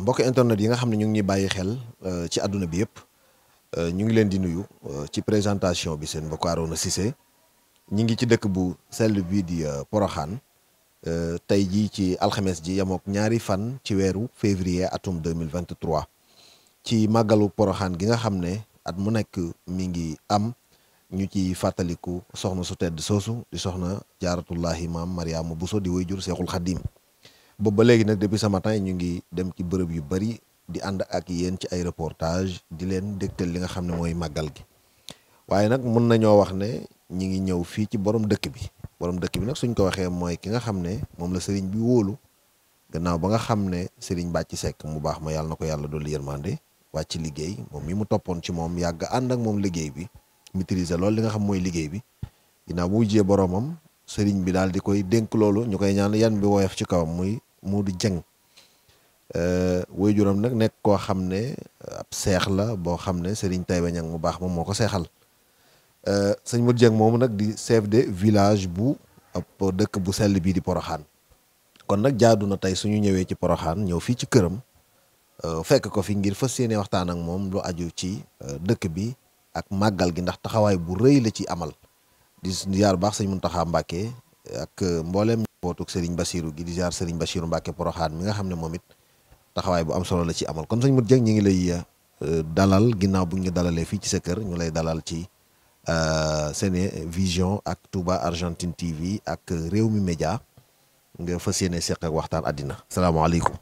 mbokk internet yi nga xam ne ñu ngi ñuy bàyyi xel euh, ci àdduna bi yëpp euh, ñu ngi leen di nuyu euh, ci présentation bi seen mbokk Arouna Cissé ñu ngi ci dëkk bu sell bii di Poroxaan tey jii ci alxames ji yamook ñaari fan ci weeru février atum 2023 ci màggalu Poroxaan gi nga xam ne at mu nekk mi ngi am ñu ci fàttaliku soxna su tedd soosu di soxna jaaratullahi maam Mariama Bousso di wayjur Seexul Xaddiim boobu ba léegi nag depuis ce matin ñu ngi dem ci bërëb yu bari di ànd ak yéen ci ay reportage di leen dégtal li nga xam ne mooy màggal gi waaye nag mën nañoo wax ne ñu ngi ñëw fii ci borom dëkk bi borom dëkk bi nag suñ ko waxee mooy ki nga xam ne moom la sëriñ bi wóolu gannaaw ba nga xam ne sëriñ Bàcci sekk mu baax ma yàlla na ko yàlla dolli yërmande wàcc liggéey moom mi mu toppoon ci moom yàgg ànd ak moom liggéey bi maîtriser loolu li nga xam mooy liggéey bi ginnaaw bu wujjee boromam sëriñ bi daal di koy dénk loolu ñu koy ñaan yan bi ci kawam Modou Dieng euh, waajuram nag nekk koo xam ne ab seex la boo xam ne Serigne Taïba Niang mu baax moom moo ko seexal euh, sëñ Modou Dieng moomu nag di chef village bu ab dëkk bu sell bii di Poroxaan kon nag jaadu na tey suñu ñëwee ci Poroxaan ñëw fii ci këram euh, fekk ko fi ngir fas yéene waxtaan ak moom lu aju ci dëkk bi ak màggal gi ndax taxawaay bu rëy la ci amal di ziar baax sëñ Mountakha Mbacké ak mboolem. bootuk Serigne Bassirou gi di jaar Serigne Bassirou Mbacke Poroxaan mi nga xam ne moom it taxawaay bu am solo la ci amal kon sëñ Modou Dieng ñu ngi lay euh, dalal ginnaaw bu ñu dalalee fii ci sa kër ñu lay dalal ci euh, Sene Vision ak Touba Argentine TV ak réew mi média nga fas yéene seq ak waxtaan àddina. salaamaaleykum.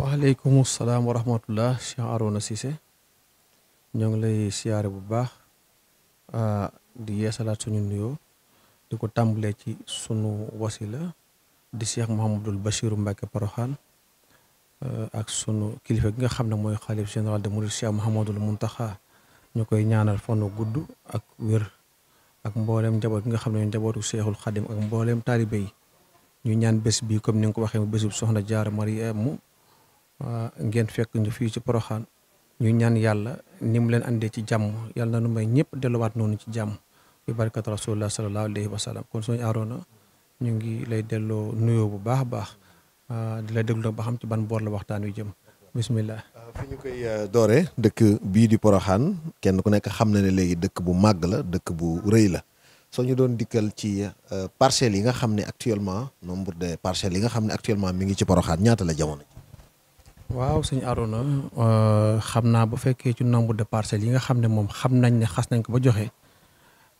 waaleykum salaam wa rahmatullah Cheikh Arouna Cissé ñoo ngi lay siyaare bu baax euh, di yeesalaat suñu nuyoo. di ko tàmbalee ci sunu wasila di Cheikh Mouhamadul Bachiru Mbacke Paroxaan euh, ak sunu kilifa gi nga xam ne mooy xalif général de Mouride Cheikh Mouhamadul Muntaxa ñu koy ñaanal fanu gudd ak wér ak mboolem njaboot gi nga xam ne njabootu Cheikhul Xadim ak mboolem taalibe yi ñu ñaan bés bi comme ni nga ko waxee bésub soxna Jaara Mariyamu euh, ngeen fekk ñu fii ci Poroxaan ñu ñaan yàlla ni mu leen andee ci jàmm yàlla na nu may ñëpp delluwaat noonu ci jàmm ci barkat rasulullah sallallahu alayhi wa sallam kon sëñ Aroona ñu ngi lay delloo nuyoo bu baax a baax ah, di la déglu nag ba xam ci ban boor la waxtaan wi jëm bismillah ah, fi ñu koy ah, dooree dëkk bii di Poroxaan kenn ku nekk xam na ne léegi dëkk bu màgg la dëkk bu rëy la soo ñu doon dikkal ci parcelles yi nga xam ne actuellement nombre de parcelles yi nga xam ne actuellement mi ngi ci Poroxaan ñaata la jamono ji waaw sëñ Aroona xam naa bu fekkee ci nombre de parcelles yi nga xam ne moom xam nañ ne xas nañ ko ba joxe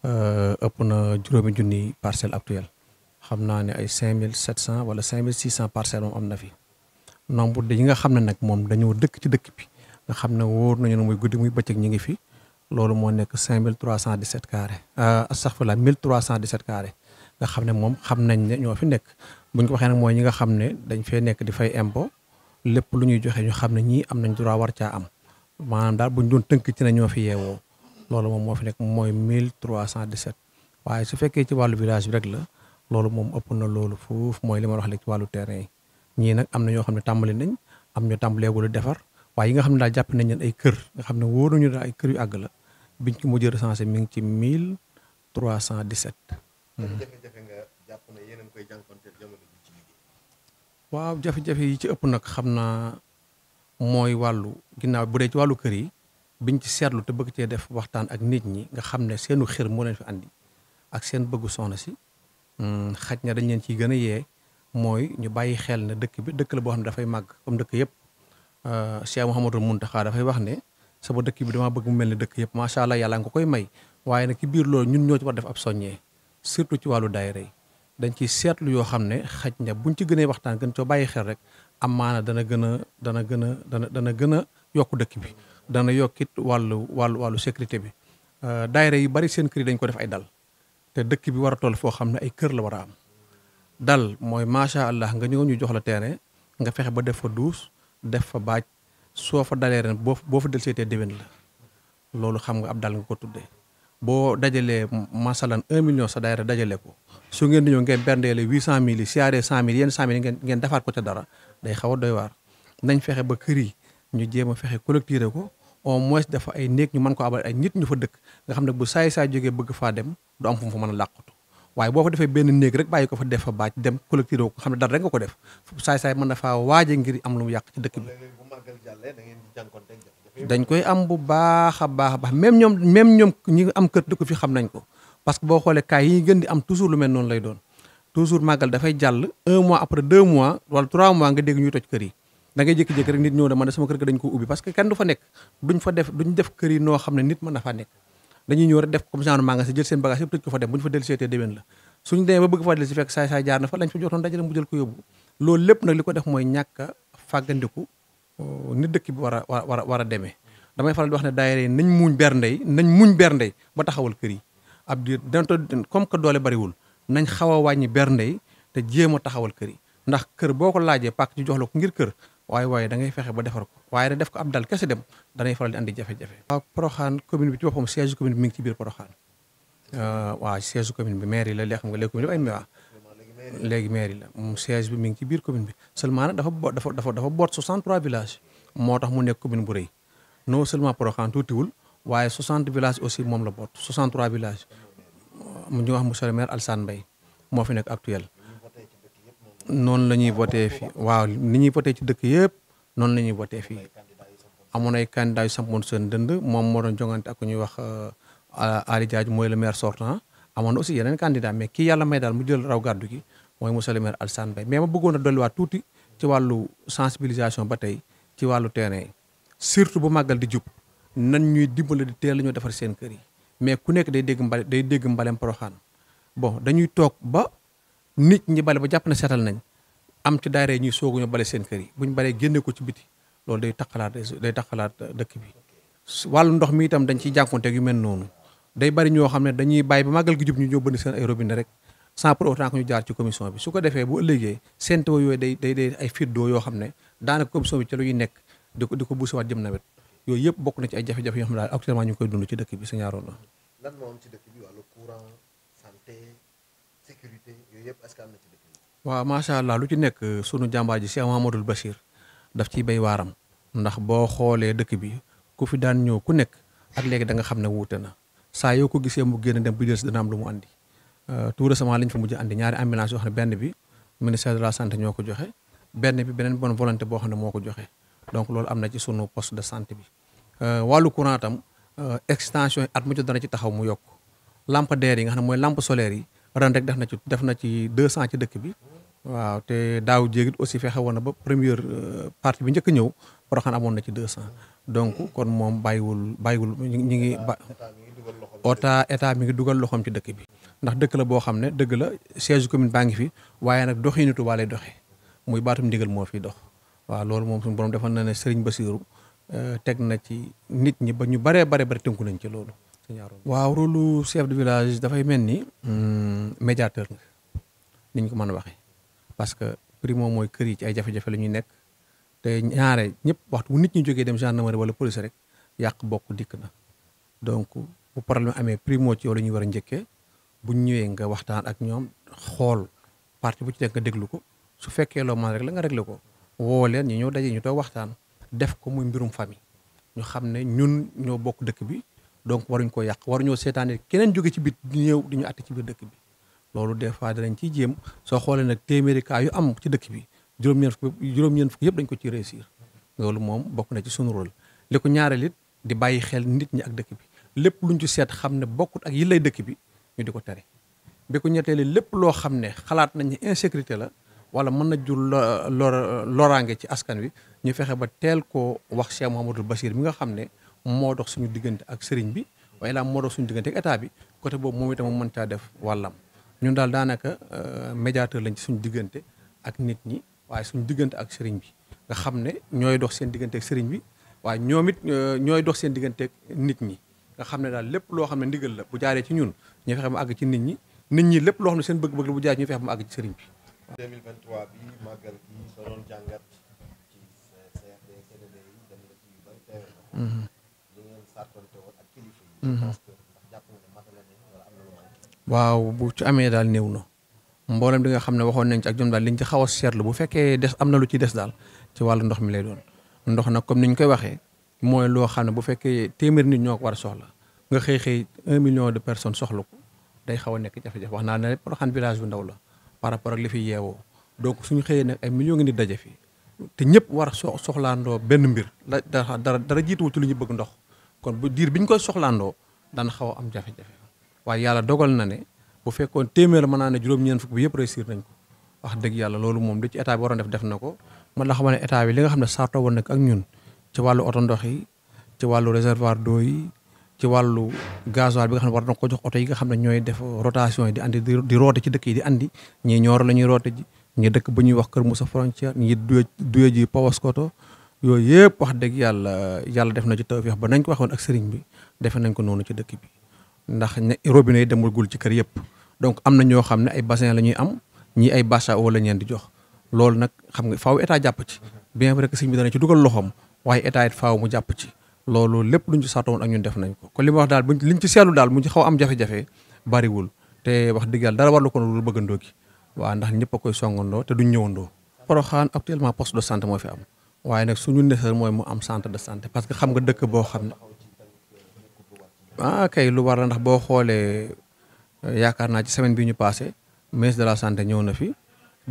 Euh, ëpp na juróomi junni parcelle actuelle xam naa ne ay cinq mille sept cent wala cinq mille six cent parcelles moom am na fi nombre de yi nga xam ne nag moom dañoo dëkk ci dëkk bi nga xam ne wóor nañu ne muy guddi muy bëccëg ñi ngi fi loolu moo nekk cinq mille trois cent dix sept carré euh, astaghfirullah mille trois cent dix sept carré nga xam ne moom xam nañ ne ñoo fi nekk bu ko waxee nag mooy ñi nga xam ne dañ fee nekk di fay impôt lépp lu ñuy joxe ñu xam ne ñii am nañ droit war caa am maanaam daal bu ñu doon ci ne fi yeewoo loolu moom moo fi nekk mooy mille trois cent dix sept waaye su fekkee ci wàllu village bi rek la loolu moom ëpp na loolu foofu mooy li ma wax léegi ci wàllu terrain yi ñii nag am na ñoo xam ne tàmbali nañ am ñu tàmbaleegul defar waaye yi nga xam ne daal jàpp nañ leen ay kër nga xam ne wóor nañu daal ay kër yu àgg la biñ ko mujjee recensé mi ngi ci mille trois cent dix sept. Mhm. jafe-jafe nga jàpp ne yéen a ngi koy jànkuwanteel jamono bi ci waaw jafe-jafe yi ci ëpp nag xam naa mooy wàllu ginnaaw bu dee ci wàllu kër yi. biñ ci seetlu te bëgg cee def waxtaan ak nit ñi nga xam ne seenu xër moo leen fi andi ak seen bëggu soxna si mm, xaj na dañ leen ciy gën a yee mooy ñu bàyyi xel ne dëkk bi dëkk la boo xam ne dafay màgg comme dëkk yëpp euh, Cheikh Mouhamadou Mountakha dafay wax ne sama dëkk bi damaa bëgg mel ne dëkk yëpp macha allah yàlla nga koy may waaye nag ci biir loolu ñun ñoo ci war def ab soññee surtout ci wàllu daayira yi dañ ciy seetlu yoo xam ne xaj na buñ ci gënee waxtaan gën coo bàyyi xel rek amaana dana gën a dana gën a dana dana gën a yokk dëkk bi dana yokkit wàllu wàllu wàllu sécurité bi euh, daayira yi bari seen këri yi dañ ko def ay dal te dëkk bi war a toll foo xam ne ay kër la war a am dal mooy macha allah nga ñëw ñu jox la terrain nga fexe ba def fa duus def fa baaj soo fa dalee ren boo boo fa del seetee déwén la loolu xam nga ab dal nga ko tuddee boo dajalee masalan un million sa daayira dajale ko su ngeen di ñëw ngeen berndeele huit cent mille yi siyaaree cent mille yenn cent mille ngeen ngeen defaat ko ca dara day xaw a doy nañ fexe ba kër yi ñu jéem a fexe collecté ko au moins dafa ay néeg ñu mën ko abal ay nit ñu fa dëkk nga xam ne bu saay saay jógee bëgg faa dem du am fu mu fa mën a làqatu waaye boo fa defee benn néeg rek bàyyi ko fa def fa bàcc dem collecté ko xam ne dara rek nga ko def saay saay mën na faa waaje ngir am lu mu yàq ci dëkk bi. dañ koy am bu baax a baax a baax même ñoom même ñoom ñi am kër dëkk fi xam nañ ko parce que boo xoolee cas yi gën di am toujours lu mel noonu lay doon toujours màggal dafay jàll un après deux mois wala trois mois nga dégg ñuy toj yi da ngay jékki-jékki rek nit ñëw ne man sama kër ga dañ ko ubbi parce que kenn du fa nekk duñ fa def duñ def kër yi noo xam ne nit mën na faa nekk dañuy ñëw rek def comme genre magasin jël seen bagage yëpp tëj ko fa dem bu ñu fa dellu seetee loolu lépp nag li ko def mooy ñàkk fàggandiku euh, nit dëkk bi war a war a war a demee damay faral di wax ne daayira yi nañ muñ berndey nañ muñ berndey ba taxawal kër yi ab diir danto comme que doole bariwul nañ xaw a wàññi berndey te jéem a taxawal kër yi ndax kër boo ko laajee pàkk ci jox la ko ngir kër waaye waaye dangay fexe ba defar ko waaye da def ko ab kese dem danay faral di andi jafe-jafe. waaw Porokhane commune bi ci boppam siège commune bi ngi ci biir Porokhane euh, waaw siège commune bi maire yi la léegi nga léegi commune bi ay la moom siège ngi ci biir commune bi seulement dafa bo dafa dafa dafa boot 63 villages moo tax mu nekk commune bu rëy non seulement Porokhane tuutiwul waaye 60 villages aussi moom la boot 63 village mu ñu wax monsieur le maire Alsane Mbaye moo fi nekk actuel. noonu la ñuy voté fii waaw ni ñuy voté ci dëkk yëpp noonu la ñuy voté fii amoon ay candidat yu sampoon seen dënd moom moo doon jongante ak ñuy wax euh, Ali Diadji mooy le maire sortant amoon aussi yeneen candidat mais kii yàlla may daal mu jël raw gàddu gi mooy monsieur le maire Alassane Mbaye mais ma bëggoon a dolliwaat tuuti ci wàllu sensibilisation ba tey ci wàllu terrain surtout bu màggal di jub nan ñuy dimbale di teel la ñoo defar seen kër yi mais ku nekk day dégg mbale day dégg mbalem Porokhane bon dañuy nit ñi bale ba jàpp ne seetal nañ am ci daayira ñuy ñu bale seen kër yi buñ balee génne ko ci biti loolu day taxalaat day taxalaat dëkk bi wàllu ndox mi itam dañ ciy jànkonteeg yu mel noonu day bari ñoo xam ne dañuy bàyyi ba màggal gi jub ñu ñëw bënn seen ay robinet rek sans pour autant ñu jaar ci commission bi su ko defee bu ëllëgee seen taw yooyu day day day ay fiddoo yoo xam ne daanaka commission bi ci lu ñuy nekk di ko di ko buusiwaat jëm nawet yooyu yëpp bokk na ci ay jafe yoo xam ne koy dund ci dëkk bi sa ñaaroon la. lan moo am ci dëkk sécurité yooyu yëpp askan na waaw macha allah lu ci nekk euh, sunu jàmbaar ji Cheikh Mamadou Bachir daf ciy bay waaram ndax boo xoolee dëkk bi ku fi daan ñëw ku nekk ak léegi da nga xam ne wuute na saa yoo ko gisee mu génn dem bu dana am lu mu andi euh, tout récemment lañ fi mujj andi ñaari ambulance yoo xam ne benn bi ministère de la santé ñoo ko joxe benn bi beneen bon volonté boo xam ne moo ko joxe donc loolu am na ci sunu post de santé bi euh, wàllu courant am extension at mu dana ci taxaw mu yokk lampadaire yi nga xam mooy lampe solaire yi ren rek def na ci def na ci deux cent ci dëkk bi waaw te daaw jéegit aussi fexe woon na ba première euh, partie bi njëkk ñëw Porokhane amoon na ci deux cent donc kon moom bàyyiwul bàyyiwul ñu ngi ota état mi ngi dugal loxoom ci dëkk bi ndax dëkk la boo xam ne dëgg la siège commune baa ngi fi waaye nag doxinu Tuubaa lay doxe muy baatum ndigal moo fi dox waaw loolu moom suñu borom defal na ne Sëriñ Basiiru euh, teg na ci nit ñi ba ñu baree bare bari tënku nañ ci loolu waaw rôle chef de village dafay mel ni. Mm, médiateur nga ni ñu ko mën a waxee parce que primo mooy kër yi ci ay jafe-jafe la ñuy nekk te ñaare ñëpp waxtu bu nit ñu jógee dem gendarmerie wala police rek yàq bokk dikk na donc bu problème amee primo ci yow la ñuy war a njëkkee bu ñëwee nga waxtaan ak ñoom xool parti bu ci nekk nga déglu ko su fekkee loo mën rek la nga réglé ko woo leen ñu ñëw daje ñu toog waxtaan def ko muy mbirum famille ñu xam ne ñun ñoo bokk dëkk bi. donc waruñ ko yàq waruñoo seetaane keneen jóge ci bit di ñëw di ñu àtte ci biir dëkk bi loolu des fois danañ ciy jéem soo xoolee nag téeméeri cas yu am ci dëkk bi juróom-ñeent fukk juróom-ñeent fukk yëpp dañ ko ci réussir loolu moom bokk na ci sunu rôle li ko ñaareel it di bàyyi xel nit ñi ak dëkk bi lépp luñ ci seet xam ne bokkut ak yi lay dëkk bi ñu di ko tere bi ko ñetteeli lépp loo xam ne xalaat nañ insécurité la wala mën na jur loraange ci askan wi ñu fexe ba teel koo wax Cheikh Mouhamadul bassir mi nga xam ne moo dox suñu diggante ak sëriñ bi waaye laa moo dox suñu diggante ak état bi côté boobu moom itam mën caa def wàllam ñun daal daanaka euh, médiateur lañ ci suñu diggante ak nit ñi waaye suñu diggante ak sëriñ bi nga xam ne ñooy dox seen diggante ak sëriñ bi waaye ñoom it euh, ñooy dox seen diggante nit ñi nga xam ne daal lépp loo xam ne ndigal la bu jaaree ci ñun ñu fexe mu àgg ci nit ñi nit ñi lépp loo xam ne seen bëgg-bëgg la bu jaaree ñu fexe mu àgg ci sëriñ bi 2023 bi màggal gi jàngat ci CRD CDD Mhm. waaw bu ci amee daal néew na mboolem di nga xam ne waxoon nañ ak ñoom daal liñ ci xaw a seetlu bu fekkee des am na lu ci des daal ci wàllu ndox mi lay doon ndox na comme ni ñu koy waxee mooy loo xam ne bu fekkee téeméer nit ñoo war a soxla nga xëy xëy un million de personnes soxla ko day xaw a nekk jafe-jafe wax naa ne Porokhane village bu ndaw la par rapport ak li fi yeewoo donc suñu xëyee nag ay millions ngi nit daje fi te ñëpp war a soxlaandoo benn mbir la dara dara jiituwul lu ñu bëgg ndox kon bu diir bi ñu koy soxlaandoo dana xaw am jafe-jafe waaye yàlla dogal na ne bu fekkoon téeméer mën naa ne juróom-ñeent fukk bi yëpp réussir nañ wax dëgg yàlla loolu moom li ci état waroon def def na ko man la xam ne état bi li nga xam ne saartoo woon nag ak ñun ci wàllu oto ndox yi ci wàllu réservoir d'eau yi ci wàllu gasoil bi nga xam ne war na ko jox oto yi nga xam ne ñooy def rotation yi di andi di roote ci dëkk yi di andi ñii ñoor la ñuy roote ji ñii dëkk ba ñuy wax Kër Moussa frontière ñii duye duye ji Paoskoto yooyu yëpp wax dëgg yàlla yàlla def na ci tawfeex ba nañ ko waxoon ak sëriñ bi defe nañ ko noonu ci dëkk bi ndax ne demul gul ci kër yëpp donc am na ñoo xam ne ay bassin la ñuy am ñi ay bâche à eau la ñeen di jox loolu nag nga faaw état jàpp ci bien vrai que sëriñ bi loxoom waaye état faaw mu jàpp ci loolu lépp luñ ci sàttoon ak ñun def nañ ko kon li ma wax daal buñ liñ ci seetlu daal mu ci xaw am jafe-jafe bariwul te wax dëgg yàlla dara warlu ko lu bëggandoo gi waaw ndax ñëpp a koy songandoo te duñ ñëwandoo Porokhane actuellement poste moo fi waaye nag suñu néxar mooy mu am centre de santé parce que xam nga dëkk boo xam ne ah kay lu war la ndax boo xoolee euh, yaakaar naa ci semaine bi ñu passé mais de la santé ñëw na fi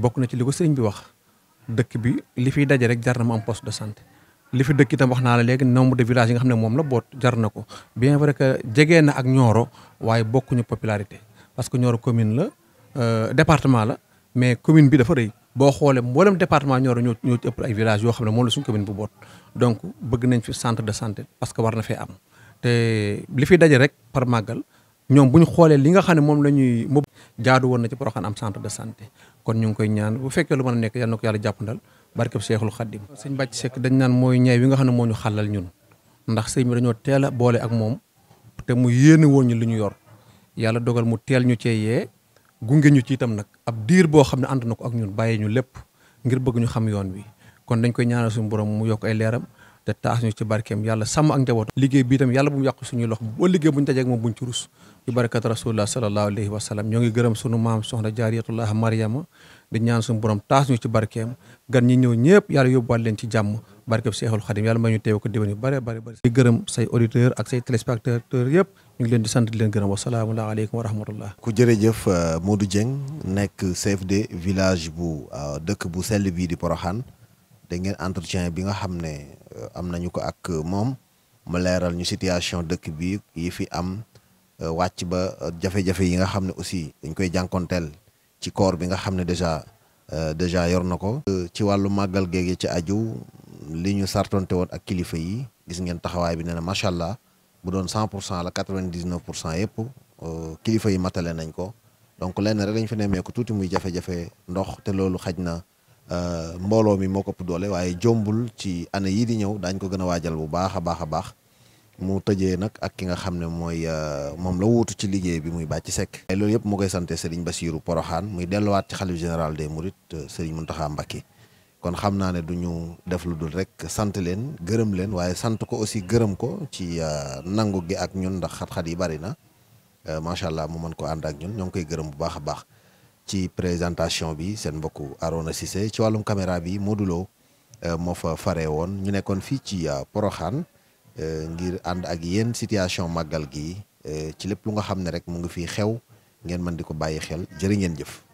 bokk na ci li ko sëriñ bi wax dëkk bi li fiy daje rek jar na mu am poste de santé li fi dëkk itam wax naa la léegi nombre de village yi nga xam ne moom la boot jar na ko bien vrai que jege na ak Nioro waaye bokkuñu popularité parce que Nioro commune la euh, département la mais commune bi dafa rëy. boo xoolee mboolem département Nioro ñoo ñoo ci ëpp ay village yoo xam ne moom la suñu commune bu de santé parce que war na fee am te li fi daje rek par màggal ñoom bu ñu xoolee li nga xam ne moom la ñuy mob jaadu woon na ci Porokhane am centre de santé kon ñu ngi koy ñaan bu fekkee lu mën a nekk yàlla na ko yàlla jàppandal barkeb Seexul Xaddim sëñ Bàcc Seck dañ naan mooy ñay wi nga xam ne moo ñu ñun ndax sëñ bi dañoo teel a boole ak moom te mu yéene woon ñu li ñu yor yàlla dogal mu teel ñu cee yee gunge ñu ci itam nag ab diir boo xam ne ànd na ko ak ñun bàyyi ñu lépp ngir bëgg ñu xam yoon wi kon dañ koy ñaanal suñu borom mu yokk ay leeram te taas ñu ci barkeem yàlla sàmm ak njaboot liggéey bi itam yàlla bu mu yàq suñuy loxo boo liggéey bu ñu dajeeg moom buñ ci rus bi barakat rasulullah sallallahu alayhi wa sallam ñoo ngi gërëm sunu maam soxna jaariyatullah mariama di ñaan suñu borom taas ñu ci barkeem gan ñi ñëw ñëpp yàlla yóbbuwaat leen ci jàmm barkeem seexul yàlla may ñu teew ko déwén yu bare bare bare di gërëm say auditeur ak say téléspectateur yëpp ñu ngi leen di sant di leen gërëm wasalaamualeykum wa rahmatullah ku jërëjëf euh, Modou Dieng nekk chef de village bu euh, dëkk bu sell bii di Poroxaan da entretien bi nga xam ne euh, am nañu ko ak moom mu leeral ñu situation dëkk bi yi fi am wàcc ba jafe-jafe yi nga xam ne aussi dañ koy jànkonteel ci koor bi nga xam ne déjà déjà yor na ko. ci wàllu màggal géege ci aju li ñu sartonte woon ak kilifa yi gis ngeen taxawaay bi nee na macha allah. bu doon cent pour cent la quatre-vingt-dix-neuf pour cent yëpp euh, kilifa yi matale nañ ko donc lenn rek lañ fi nemmeeku tuuti muy jafe-jafe ndox te loolu xaj na euh, mbooloo mi moo ko ëpp doole waaye jombul ci année yii di ñëw daañ ko gën a waajal bu baax a baax a baax mu tëjee nag ak ki nga xam ne mooy euh, moom la wuutu ci liggéey bi muy Bathie sekk loolu yëpp mu koy sante Serigne Bassirou Porokhane muy delluwaat ci xalif général de des Mourides Serigne Mountakha Mbacké kon xam naa ne duñu def lu dul rek sant leen gërëm leen waaye sant ko aussi gërëm ko ci euh, nangu gi ak ñun ndax xat-xat yi bari na euh, macha allah mu mën ko ànd ak ñun ñoo ngi koy gërëm bu baax a baax ci présentation bi seen mbokku Arona se ci wàllum caméra bi Modou Lo euh, moo fa faree woon ñu nekkoon fii ci Poroxaan ngir ànd ak yéen situation màggal gi ci lépp lu nga xam ne rek mu ngi fii xew ngeen mën di ko bàyyi xel jërë jëf.